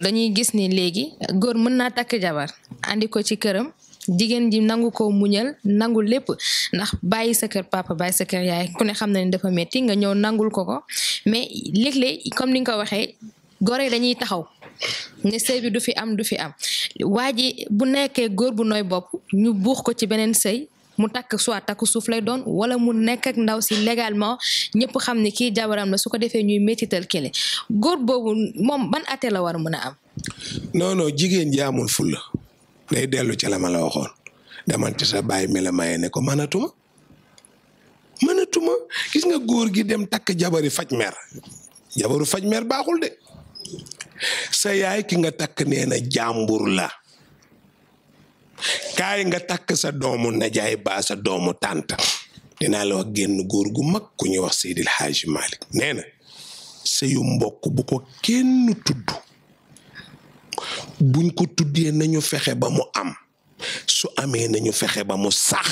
dañuy gis ni léegi góor mën naa takk jabar andi ko ci këram jigéen ji nangu ko muñal nangu lépp ndax bàyyi sa kër papa bàyyi sa kër yaay ku ne xam na ne dafa metti nga ñëw nangul ko ko mais léeg-léeg comme ni nga ko waxee góor yi dañuy taxaw nga sëy bi du fi am du fi am waa ji bu nekkee góor bu nooy bopp ñu buux ko ci beneen sëy mu takk soit don, suuf lay doon wala mu nekk ak ndaw si légalement ñëpp xam ni kii jabaram la su ko defee ñuy métital kele góor boobu moom ban ate la war mën a am non non jigéen ji amul fulla day dellu ci la ma la waxoon demal ci sa bàyyi mi la maye ne ko manatuma manatuma gis nga góor gi dem takk jabari faj mer jabaru faj mer baaxul de sa yaay ki nga takk nee na la kaay nga takk sa doomu najaay baa sa doomu tànt dinaa la wax génn góor gu mag ku ñuy wax Seydil Haaji Malick nee na sëyu mbokk bu ko kenn tudd buñ ko tuddee nañu fexe ba mu am su amee nañu fexe ba mu sax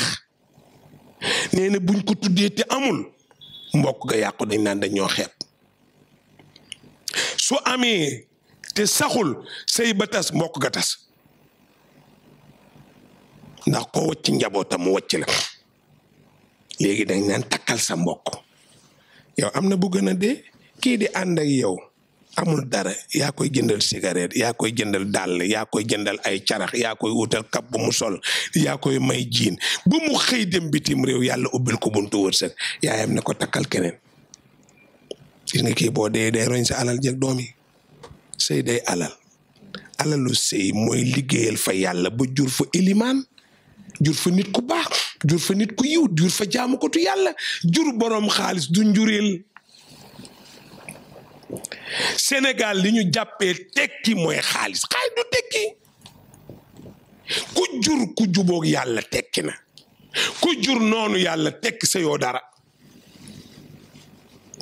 nee buñ ko tuddee te amul mbokk ga yàqu dañ naan dañoo xeeb su amee te saxul sëy ba tas mbokk ga tas ndax ko wacc njabootam mu wacc la léegi dañ naan takkal sa mbokk yow am na bu gën a dee kii di ànd yow amul dara yaa koy jëndal cigarette yaa koy jëndal dàll yaa koy jëndal ay carax yaa koy wutal kap mu sol yaa koy may jiin ba mu xëy dem bitim réew yàlla ubbil ko buntu wërsëg yaayam ne ko takkal keneen gis nga boo dee day roñ alal jeg doom yi alal alalu sëy mooy fa yàlla ba jur fa ilimaan jur fa nit ku baax jur fa nit ku yiw jur fa jaamukatu yàlla jur boroom xaalis du njureel Sénégal li ñu jàppee tekki mooy xaalis xaalis du tekki ku jur ku juboog yàlla tekki na ku jur noonu yàlla tekki sa yoo dara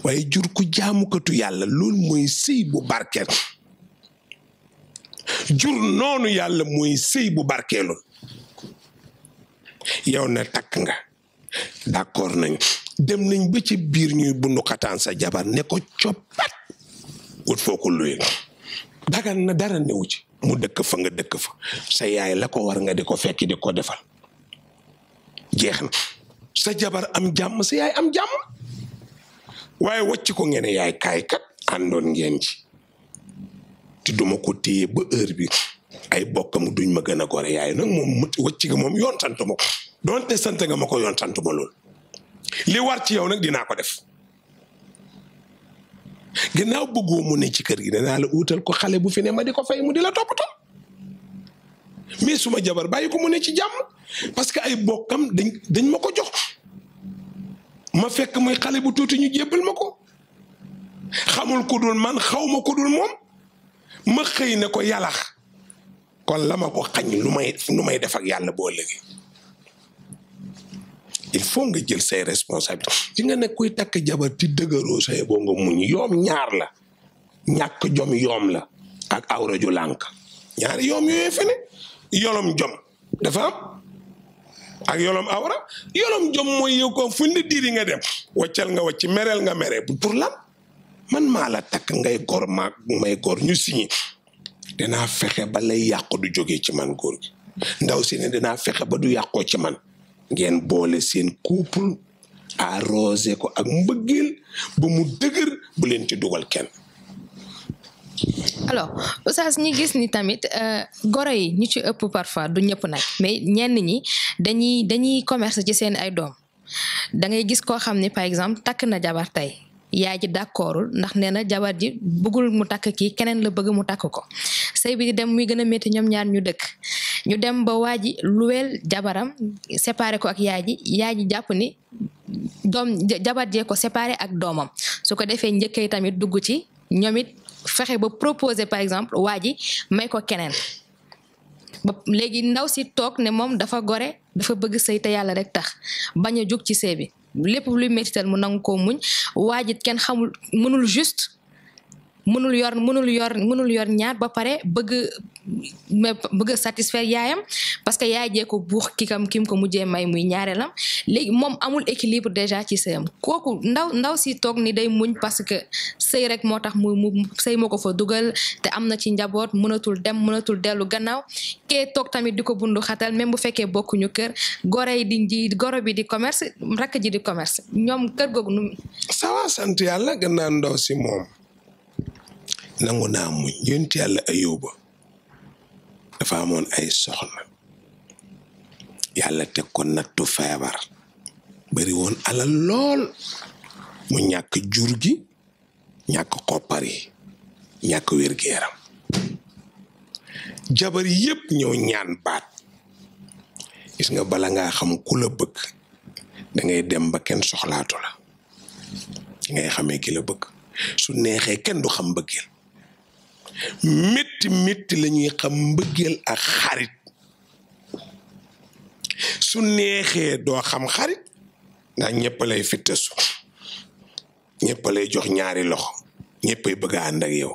waaye jur ku jaamukatu yàlla loolu mooy sëy bu barkeel jur noonu yàlla mooy sëy bu barkeelu yow na takk nga d'accord nañ dem nañ ba ci biir ñuy bundu xataan sa jabar ne ko coppat ut foo ko luye dagan na dara newu ci mu dëkk fa nga dëkk fa sa yaay la ko war nga di ko fekk di ko defal jeex na sa jabar am jàmm sa yaay am jàmm waaye wàcc ko ngeen yaay kaay kat àndoon ngeen ci te duma ko téye ba heure bi ay bokkam duñ ma gën a gore yaay nag moom wëcc nga moom yoon sant ma ko donte sant nga ma ko yoon sant ma lool li war ci yow nag dinaa ko def ginnaaw bëggoo mu ne ci kër gi naa la uutal ko xale bu fi ne ma di ko fay mu di la toppatoo mais suma jabar bàyyi ko mu ne ci jàmm parce que ay bokkam dañ dañ ma ko jox fekk muy xale bu tuuti ñu jébbal ma ko xamul ku dul man xaw ma ku moom ma xëy ne ko yàllax kon lama ko xañ lu may lu may def ak yàlla boo léegi il faut nga jël say responsabilité ci nga nekk kuy takk jabar ti dëgëroo say boo nga muñ yoom ñaar la ñàkk jom yoom la ak awra ju lànk ñaari yoom yooyu fi yolom jom dafa am ak yolom awra yolom jom mooy yow ko fuñ la diri nga dem waccal nga wacc mereel nga mere pour lan man maa la takk ngay gor maag may gor ñu signé dinaa fexe ba lay yàqu du jógee ci man góor gi ndaw si ne fexe ba du yàqoo ci man ngeen boole seen couple arrosé ko ak mbëggeel ba mu dëgër bu leen ci dugal kenn alors sas ñi gis ni tamit euh, goro yi ñu ci ëpp parfois du ñëpp nag mais ñenn ñi dañuy dañuy commerce ci seen ay doom da ngay gis koo xam ne par exemple takk na jabar tey yaay ji d'accordul ndax nee na jabar ji bëggul mu takk kii keneen la bëgg mu takk ko sëy bi di dem muy gën a métti ñoom ñaar ñu dëkk ñu dem ba waaji ji luweel jabaram séparé ko ak yaay ji yaay jàpp ni doom jabar jee ko séparé ak doomam su ko defee njëkk yi tamit dugg ci ñoom it fexe ba proposer par exemple waa ji may ko keneen léegi ndaw si toog ne moom dafa gore dafa bëgg sëy yàlla rek tax bañ a jug ci sëy bi lépp luy méttital mu nangu ko muñ waa ji xamul mënul juste mënul yor mënul yor mënul yor ñaar ba pare bëgg bëgg a yaayam parce que yaay jee ko buux kikam kim ko mujjee may muy ñaareelam léegi moom amul équilibre déjà ci sëyam kooku ndaw ndaw si toog ni day muñ parce que sëy rek moo tax muy mu sëy moo ko fa dugal te am na ci njaboot mënatul dem mënatul dellu gannaaw kee toog tamit di ko bundu xatal même bu fekkee bokkuñu kër goro yi di ji goro bi di commerce rakk ji di commerce ñoom kër googu nu. ça va sant yàlla gën naa ndaw si moom. nangu naa muñ yonent yàlla ayóoba dafa amone ay soxna yalla tekkon ko tu febar bari won ala lol mu ñak jurgi ñak xopari ñak yi ñàkk yaram jabar yep ñew ñaan baat gis nga bala ngaa xam ku la bëgg da ngay dem ba ken soxlaatu la ngay xamé ki la bëgg su nexé ken du xam bëggel métti métti la ñuy xam mbëggeel ak xarit su neexee doo xam xarit ndax ñëpp lay fittasu ñëpp lay jox ñaari loxo ñëppay bëgg a ànd ak yow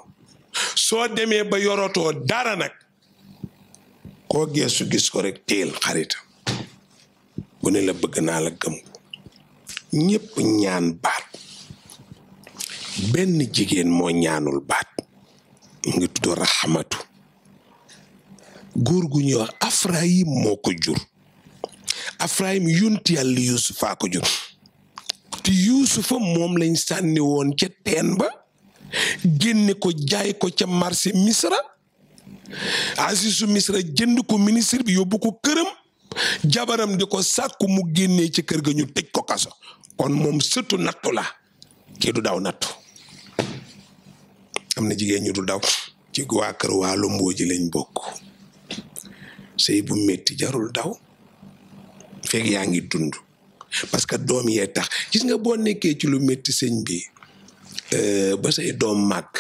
soo demee ba yorotoo dara nag koo geesu gis ko rek teel xaritam bu ne la bëgg naa la gëm ko ñëpp ñaan baat benn jigéen moo ñaanul baat mu ngi tudd Rahmatu góor gu ñuy wax Afrayim moo ko jur Afrayim yunti yàlla Yuusufa ko jur te Yuusufa moom lañ sànni woon ca teen ba génne ko jaay ko ca marché Misra Azizu Misra jënd ko ministre bi yóbbu ko këram jabaram di ko sàkku mu génnee ci kër ga ñu tëj ko kaso kon moom sëtu nattu la kii daw daaw nattu am na jigéen ñu du daw ci waa kër waalo mbooji lañ bokk sëy bu métti jarul daw fekk yaa ngi dund parce que doom yee tax gis nga boo nekkee ci lu métti sëñ bi euh, ba say doom màgg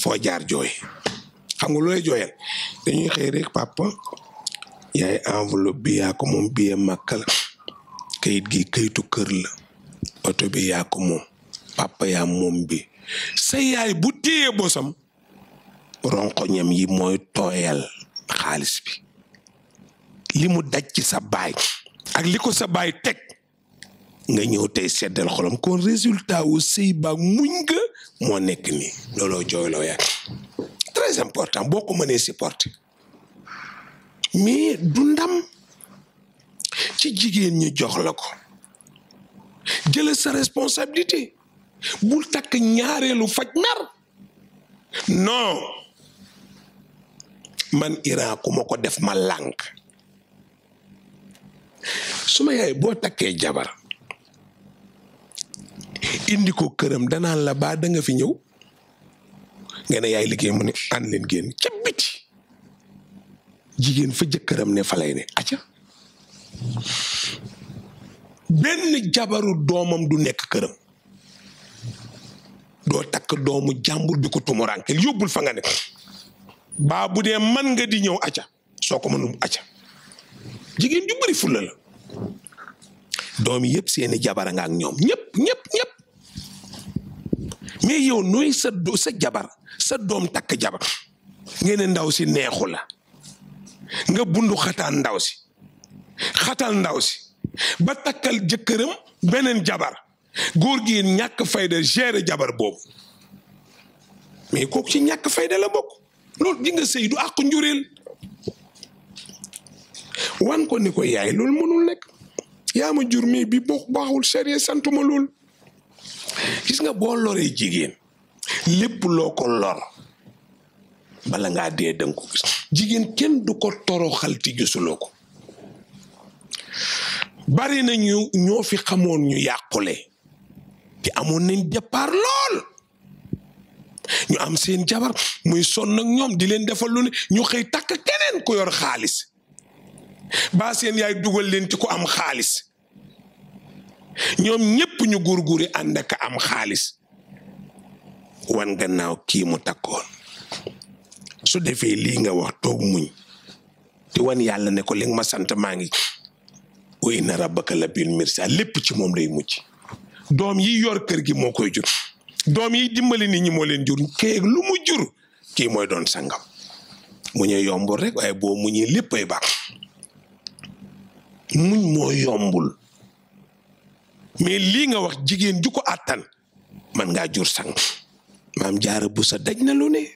foo jaar jooy xam nga looy jooyal dañuy xëy papa yaay enveloppe bi yaa ko moom bi màkk la kayit gi kayitu kër la oto bi yaa ko moom papa yaa moom bi sa yaay bu téye bosam ronkoñam yi mooy tooyal xaalis bi li mu daj ci sa baay ak li ko sa baay teg nga ñëw tey seddal xolom kon résultat wu sëy baag muñ nga moo nekk nii looloo jooyloo yaa important boo ko mënee supporter mais du ndam ci jigéen ñu jox la ko jëla sa responsabilité bul takk ñaareelu faj mer non man Iran ku ma ko def ma lànk suma yaay boo takkee jabar indi ko këram danaan la nga fi ñëw nga ne yaay liggéey mu ne ànd leen génn ca biti jigéen fa jëkkëram ne falay ne aca benn jabaru doomam du nekk këram do tak doomu jambur di ko tumuraankel yobul fa nga ne baa budé man nga di ñew acca soko ko acca jigen ju bari fulal doomi doom seeni nga ak ñom mais yow noy sa sa jabar sa doom tak jabar ngeen ndaw si neexu la nga bundu xataan ndaw si xatal ndaw si ba takal jëkërem benen jabar góor gi ñàkk fayda gérer jabar boobu mais kooku ci ñàkk fayda la bokk loolu di nga sëy du àq njureel wan ko ni ko yaay lool mënul nekk yaa ma jur mais bi boo baaxul sariya santuma lool gis nga boo loree jigéen lépp loo ko lor bala ngaa dee danga ko jigéen kenn du ko toroxal ti gisuloo ko bari na ñoo fi xamoon ñu yàqule te amoon nañ départ lool ñu am seen jabar muy sonn ak ñoom di leen defal lu ne ñu xëy takk keneen ku yor xaalis ba seen yaay dugal leen ci ko am xaalis ñoom ñépp ñu gurguri ànd ak am xaalis wan gannaaw kii mu takkoon su defee lii nga wax toog muñ te wan yàlla ne ko li ma sant maa ngi wa inna rabbaka labil mirsad lépp ci moom lay mucc doom yi yor kër gi moo koy jur doom yi dimbali nit ñi moo leen jur kii lu mu jur kii mooy doon sangam mu ñuy yombul rek waaye boo mu ñuy lépp ay baax muñ moo yombul mais lii nga wax jigéen ju ko àttan man ngaa jur sang maam jaara bu sa daj na lu ne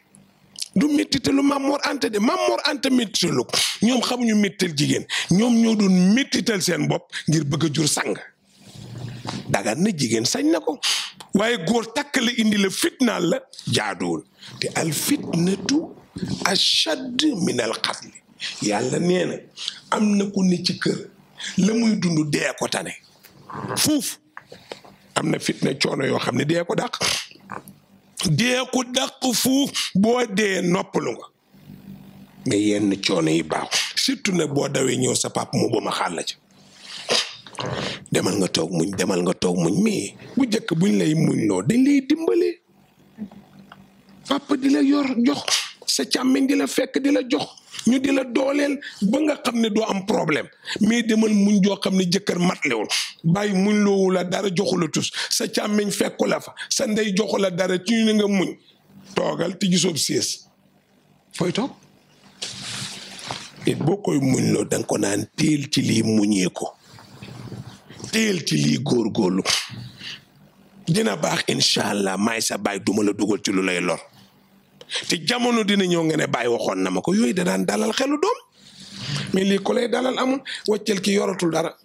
du méttitalu maam Mor Anta de maam Mor Anta méttitalu ñoom xamuñu méttital jigéen ñoom ñoo doon méttital seen bopp ngir bëgg jur sang dagan na jigéen sañ na ko waaye góor takk la indi la fitnaal la jaaduwul te al fitnatu ashad min al qatli yàlla nee na am na ku ne ci kër la muy dund dee ko tane fuuf am na fitna coono yoo xam ne dee ko dàq dee ko dàq fuuf boo dee noppalu nga mais yenn coono yi baax surtout nag boo dawee ñëw sa papa mu ba ma xàll ci demal nga toog muñ demal nga toog muñ mais bu njëkk buñ lay muñ loo dañ lay dimbale papa di la yor jox sa càmmiñ di la fekk di la jox ñu di la dooleel ba nga xam ne doo am problème mais demal muñ joo xam ne jëkkër matlewul bàyyi muñ loowu a dara joxu la tus sa càmmiñ fekkul a fa sa ndey joxu a dara ci ñu nga muñ toogal ti gisoob siis fooy toog it boo koy muñ loo danga ko naan teel ci lii muñee ko teel ci lii góorgóorlu dina baax incha allah sa baay duma la dugal ci lu lay lor te jamono dina ñëw nga ne baay ko da dalal xelu doom mais lay dalal amul wàccel ki yoratul dara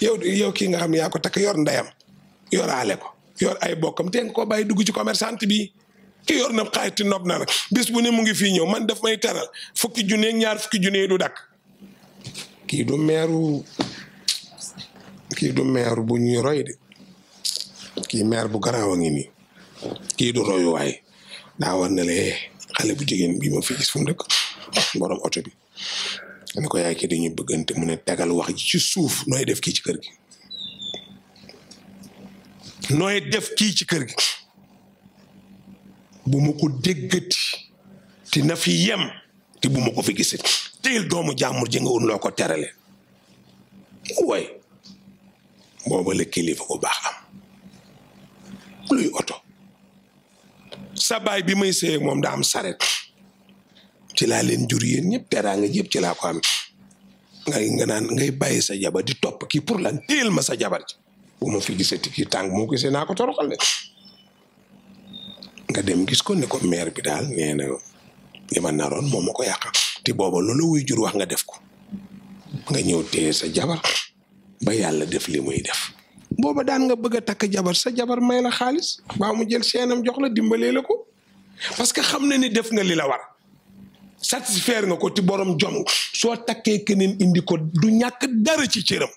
yow yow kii nga xam yaa ko takk yor ndeyam yoraale ko yor ay bokkam te nga koo bàyyi ci commerçante bi ki yor na xayti nob na bis bu ne mu ngi fii ñëw man daf may teral fukki ñaar fukki du du kii du maire bu ñuy roy de kii maire bu garaaw a ngi nii kii du war na lee xale bu jigéen bi ma fi gis fu mu dëkk borom oto bi. ne ko yaay kii dañuy bëggante mu ne tegal wax ji ci suuf nooy def kii ci kër gi nooy def kii ci kër gi bu ma ko déggati te na fi yem te bu ma fi gisati teel doomu jàmbur ji nga woon loo ko terale way booba la kilifa bu baax am luy oto sa baay bi may sëyeeg moom daa am saret ci laa leen jur yéen ñëpp teraanga yëpp ci laa nga naan ngay bàyyi sa jabar di topp kii pour la téel ma sa jabar ji bu ma fi gisati kii tàng moo gisee naa ko toroxal ne nga dem gis ko ne ko maire bi daal nee na li ma naroon moom ma ko yàq te booba loolu wuy jur wax nga def ko nga ñëw téye sa jabar ba yàlla def li muy def booba daan nga bëgg a jabar sa jabar may la xaalis baa mu jël seenam jox la dimbalee la ko parce que xam na ni def nga li la war satisfaire nga ko ci borom jom soo takkee keneen indi ko du ñàkk dara ci cëram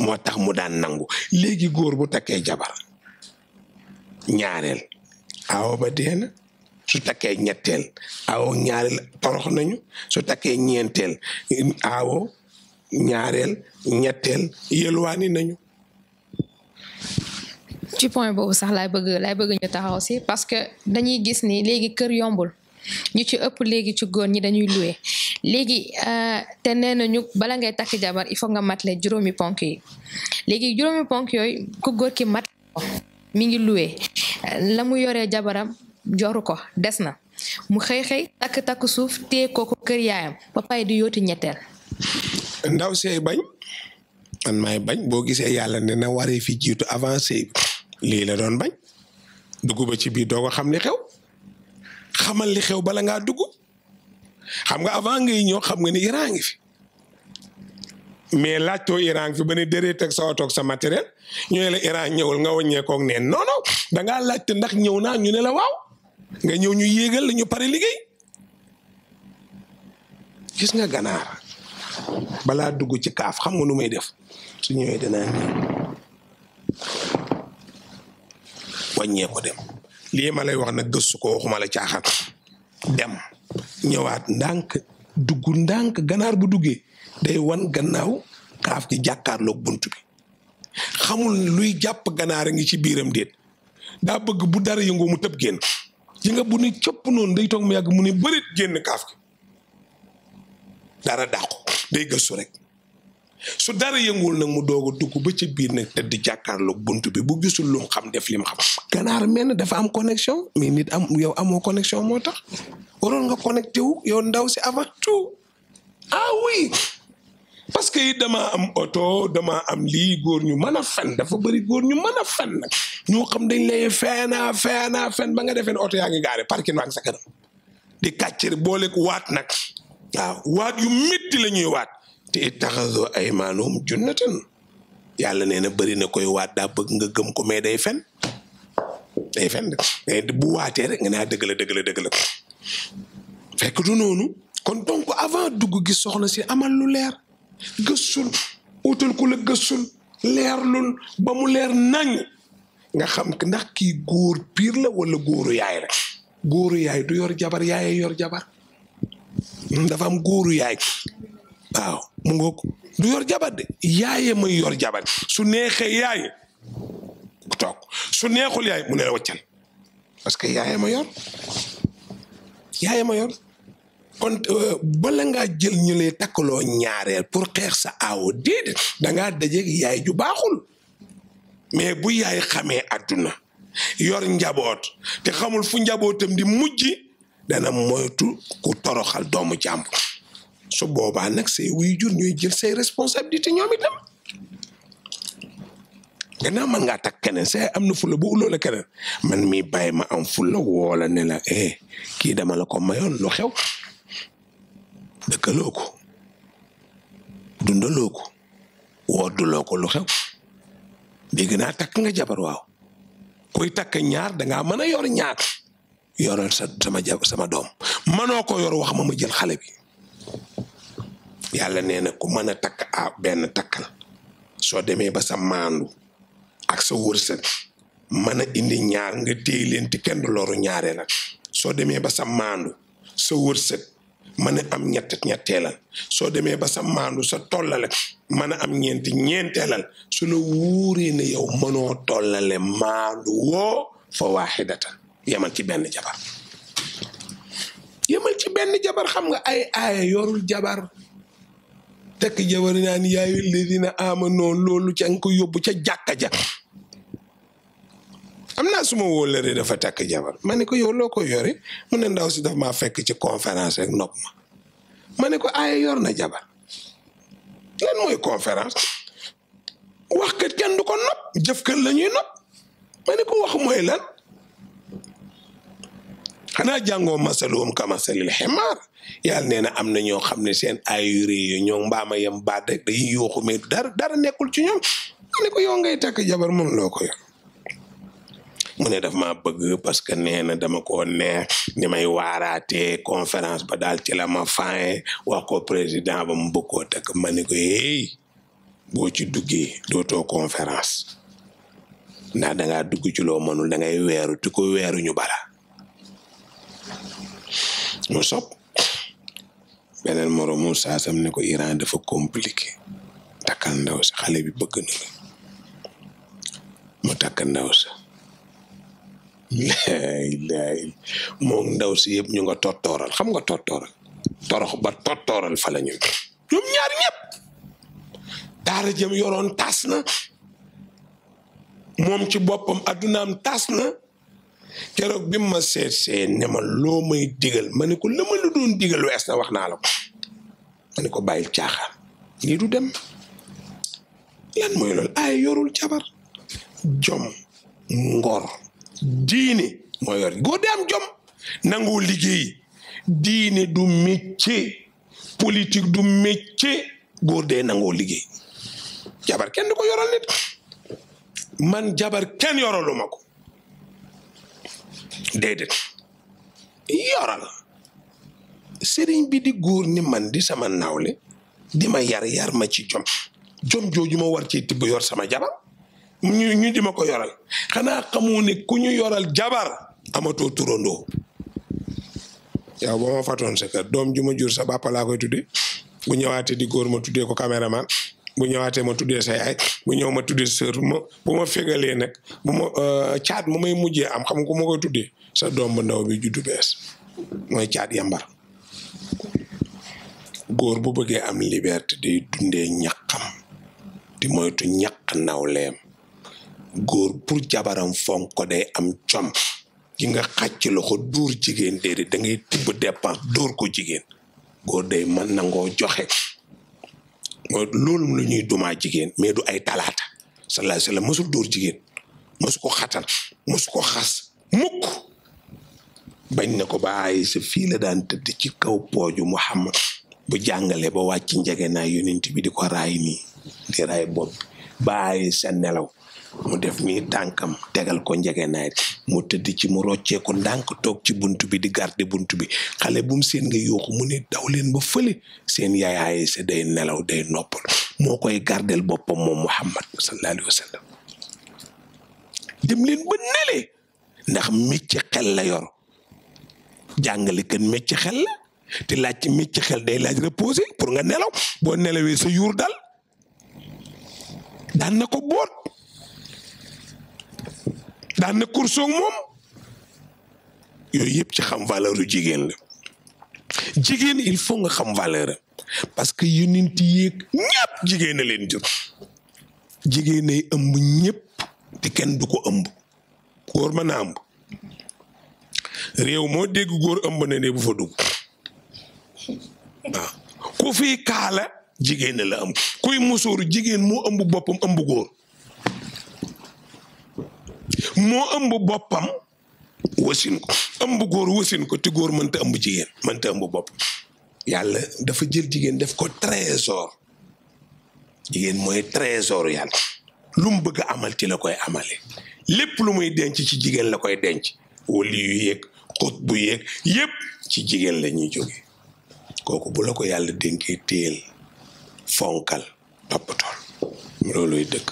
moo tax mu daan nangu léegi góor bu takkee jabar ñaareel awo ba deena su takkee ñetteel awo ñaareel torox nañu su takkee ñeenteel awo ñaareel ñetteel yëlwaani nañu. ci point boobu sax laay bëgg laay bëgg ñu taxaw si parce que dañuy gis ni léegi kër yombul ñu ci ëpp léegi ci góor ñi dañuy loué léegi euh, te nee nañu bala ngay takk jabar il faut nga le juróomi ponk yi léegi juróomi ponk yooyu ku góor ki mat ko mi ngi loué la mu yoree jabaram joru ko des na mu xëy xëy takk takk suuf téye ko kër yaayam ba di yooti ñetteel. ndaw see bañ man maay bañ boo gisee yàlla nena na waree fi jiitu avancé lii la doon bañ dugub ba ci biir doo xam li xew xamal li xew bala ngaa dugg xam nga avant ngay ñëw xam nga ni Iran ngi fi mais laajtoo Iran fi ba ne déedéet ak sa oto matériel ñu la Iran ñëwul nga wàññeekoo ak neen non non ndax ñëw naa ñu ne la waaw nga ñëw ñu yéegal la ñu pare liggéey gis nga ganaar bala dugg ci kaf xam nga nu may def su dana dinaa wàññee ko dem li ma lay wax nak geussu ko waxuma la chaaxat dem ñëwaat ndank dugg ndank ganar bu duggé day wan gannaaw ci jakar jàkkaarloog buntu bi xamul luy japp ganar ngi ci biram deet da bëgg bu dara yu ngum tepp ci nga bu ne chop non day tok mu yag mu ni beurit kaf dara day gëstu rek su dara yënguwul nag mu doog a dugg ba ci biir nag tëdd jàkkaarloog bunt bi bu gisul lu xam def li mu xam. ganaar mel na dafa am connexion mais nit am yow amoo connexion moo tax waroon nga connecté wu yow ndaw si avant tout ah oui parce que it dama am oto dama am lii góor ñu mën a fen dafa bari góor ñu mën a fen nag ñoo xam dañ lay feena feena fen ba nga defee ne oto yaa ngi gaare parking waa ngi sa kanam di kàccir boole waat nag. waaw waat yu métti la ñuy waat te ittaxasoo ay maanum junnatan yàlla nee na bëri na koy waat daa bëgg nga gëm ko mais day fen day fen de bu waatee rek nga naa ah, dëgg la dëgg fekk du noonu kon donc avant dugg gi soxna si amal lu leer gëstul utal ku la gëstul leerlul ba mu leer nañ nga xam ki ndax kii góor piir la wala góoru yaay la góoru yaay du yor jabar yaay yor jabar dafa am góoru yaay waaw mu ngoog du yor jabar de yaaye may yor jabar su neexee yaay toog su neexul yaay mu ne la waccan parce que yaaye ma yor yaaye ma yor kon euh, ngaa jël ñu lay takkaloo ñaareel pour xeex sa aawo déedéet dangaa dajeeg yaay ju baaxul mais bu yaay xamee àdduna yor njaboot te xamul fu njabootam di mujj dana moytu ku toroxal doomu jàmbur su boobaa nag say wuy jur ñooy se say responsabilité ñoom itam gannaaw man ngaa tak keneen say am na fulla bu uloo la keneen man mi bàyyi ma am fulla woola ne la eh kii dama la ko mayoon lu xew dëkkaloo ko dundaloo ko wodduloo ko lu xew dégg naa takk nga jabar waaw kuy takk ñaar danga mën a yor ñaar yoral sa sama sama dom manoko ko yor wax ma ya jël xalé bi yalla neena na ku mën a takk a benn takkal soo ba sa mandu ak sa wërsëg meuna indi ñaar nga teyelenti kenn du loru ñaareelal so demee ba sa mandu sa wërsëg meuna am ñett ñetteelal so demee ba sa mandu sa tollale meuna am ñeenti ñentelal suñu wuri ne yow meuno tollale mandu wo fa wahidatan yemal ci benn jabar yemal ci benn jabar xam nga ay aaya yorul jabar tekk jabar naa ni yaayu ladina amano loolu ca nga ko yóbbu ca jàkka ja am naa suma wóolare dafa takk jabar ma ne ko yow loo ko yore mu ne ndaw si daf maa fekk ci conférence ak nopp ma ma ne ko aaya yor jabar lan mooy conférence wax kat kenn ko nopp jëf kat la ñuy nopp ma ne wax mooy lan xanaa jàngoo masaluhum ka masalil ximaar yàlla nee na am na ñoo xam ne seen ayu réew ñoo mbaama yem baat rek dañuy yooxu mais dara dara nekkul ci ñoom mu ne ko yow ngay takk jabar mun loo mu ne daf ma bëgg parce que nee na dama ko neex ni may waaraatee conférence ba daal ci la ma faaye wax ko président ba mu bëggoo takk ma ne ko hey boo ci duggee dootoo conférence ndax dangaa dugg ci loo mënul da ngay weeru ti ko weeru ñu bala mu sob beneen moromu saasam ni ko Iran dafa compliqué takkal ndaw sa xale bi bëgg mu takk ndaw sa laay laay ndaw si yëpp ñu nga tottooral xam nga tottooral torox ba tottooral fa la ñu ñaar ñëpp daara jëm yoroon tas na moom ci boppam addunaam tas na keroog bi ma seet see ne ma loo may digal ma ne ko la ma la doon digal wees na wax naa la ma ne ko bàyyil caaxaan lii du dem lan mooy loolu ay yorul jabar jom ngor diine mooy yor góor de am jom nangoo liggéey diine du métier politique du métier góor dee nangoo liggéey jabar kenn du ko yoral nit man jabar kenn yoralu ma ko déedéet yoral sëriñ bi di góor ni man di sama nawle di ma yar yar ma ci jom jom jooju ma war ci tibb yor sama jabar ñu ñu di ko yoral xanaa xamoo ne ku ñu yoral jabar amatoo turandoo yow ba ma fatoon sa doom ju ma jur sa bàppa laa koy tudde bu ñëwaatee di góor ma tuddee ko caméraman bu ñëwaatee ma tuddee say ay bu ñëw ma tuddee sœur bu ma bu ma fégalee nag bu ma euh, caat mu may mujjee am xam nga ku ma koy tuddee sa doom ndaw bi juddu bees mooy caat yambar góor bu bëggee am liberté day dundee ñaqam di moytu ñaq nawleem góor pour jabaram fonko day am com ki nga xàcc loxo duur jigéen déedéet da ngay tibb dépense dóor ko jigéen góor day man nangoo joxe loolu lu ñuy dumaa jigéen mais du ay talaata sallallahu alayhi wa sallam jigéen mosu ko xatal mosu ko xas mukk bañ na ko ba Aysa fii la daan tëdd ci kaw pooju Muhammad bu jàngale ba wàcc njege naa yonent bi di ko raay nii di raay bopp ba Aysa nelaw mu def nii tànkam tegal ko njëgënaay mu tëdd ci mu rocceeku ndànk toog ci bunt bi di garde bunt bi xale bum seen nga yuuxu mu ne daw leen ba fële seen yaayaaye sa day nelaw day noppal moo koy gardel boppam moom Muhammad sallallahu alayhi wa sallam dem leen ba ndax mecc xel la yor jàngale kan mecc xel la te laaj ci mecc xel day laaj reposé pour nga nelaw boo nelawee sa yuur dal daan na ko boot daan na kursoog moom yooyu yëpp ci xam valeur yu jigéen la jigéen il faut nga xam valeur parce que yonent yeeg ñëpp jigéen a leen jur jigéen ay ëmb ñëpp te kenn du ko ëmb góor mën a ëmb réew moo dégg góor ëmb ne ne bu fa dugg waaw fi kaala jigéen la ëmb kuy musóoru jigéen moo ëmb boppam ëmb góor moo ëmb boppam wasin ko ëmb góor wasin ko te góor mënta ëmb jigéen mënta ëmb bopp yàlla dafa jël jigéen def ko trésor jigéen mooy trésor yàlla lu mu bëgg amal ci la koy amale lépp lu muy denc ci jigéen la koy denc wali yu yeeg xut bu yeeg yëpp ci jigéen la ñuy jóge kooku bu ko yàlla dénkee téel fonkal toppatool looluy dëkk.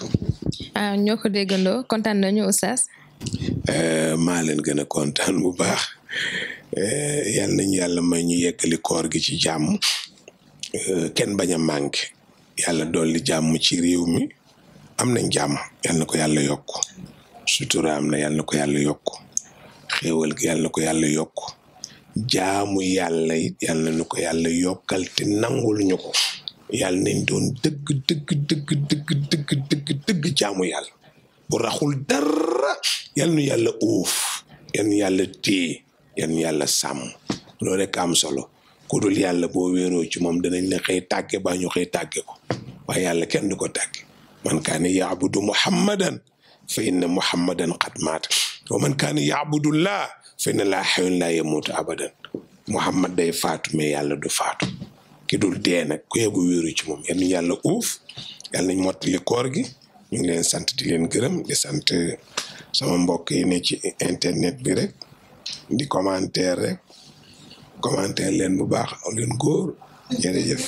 ah ñoo ko déggandoo kontaan nañu oustaz. Eh, maa leen gën a kontaan bu baax eh, yal nañ yàlla may ñu yeggali koor gi ci jàmm eh, kenn bañ a manqué yàlla dolli jàmm ci réew mi am nañ jàmm yal na ko yàlla yokk sutura am na yal na ko yàlla yokk xéewal yal na ko yàlla yokk jaamu yàlla it yal na nu ko yàlla yokkal te nangul ñu ko. yàlla nañ doon dëgg dëgg dëgg dëgg dëgg dëgg dëgg jaamu yàlla bu raxul dara yal nu yàlla uuf yal nu yàlla téye yal nu yàlla sàmm loolu rek am solo ku dul yàlla boo wéeroo ci moom danañ la xëy tàgge baa ñu xëy ko waaye yàlla kenn du ko tàgge man kaane yaabudu muhammadan fa inna muhammadan qad maata wa man kaane yaabudu laa fa inna laa xayun abadan muhammad day faatu mais yàlla du faatu ki dul dee nag ku yegu wéeru ci moom yal nañu yàlla uuf yàlla nañ mottali koor gi ñu ngi leen sant di leen gërëm di sant sama mbokk yi ne ci internet bi rek di commentaire rek commentaire leen bu baax aw leen góor jërëjëf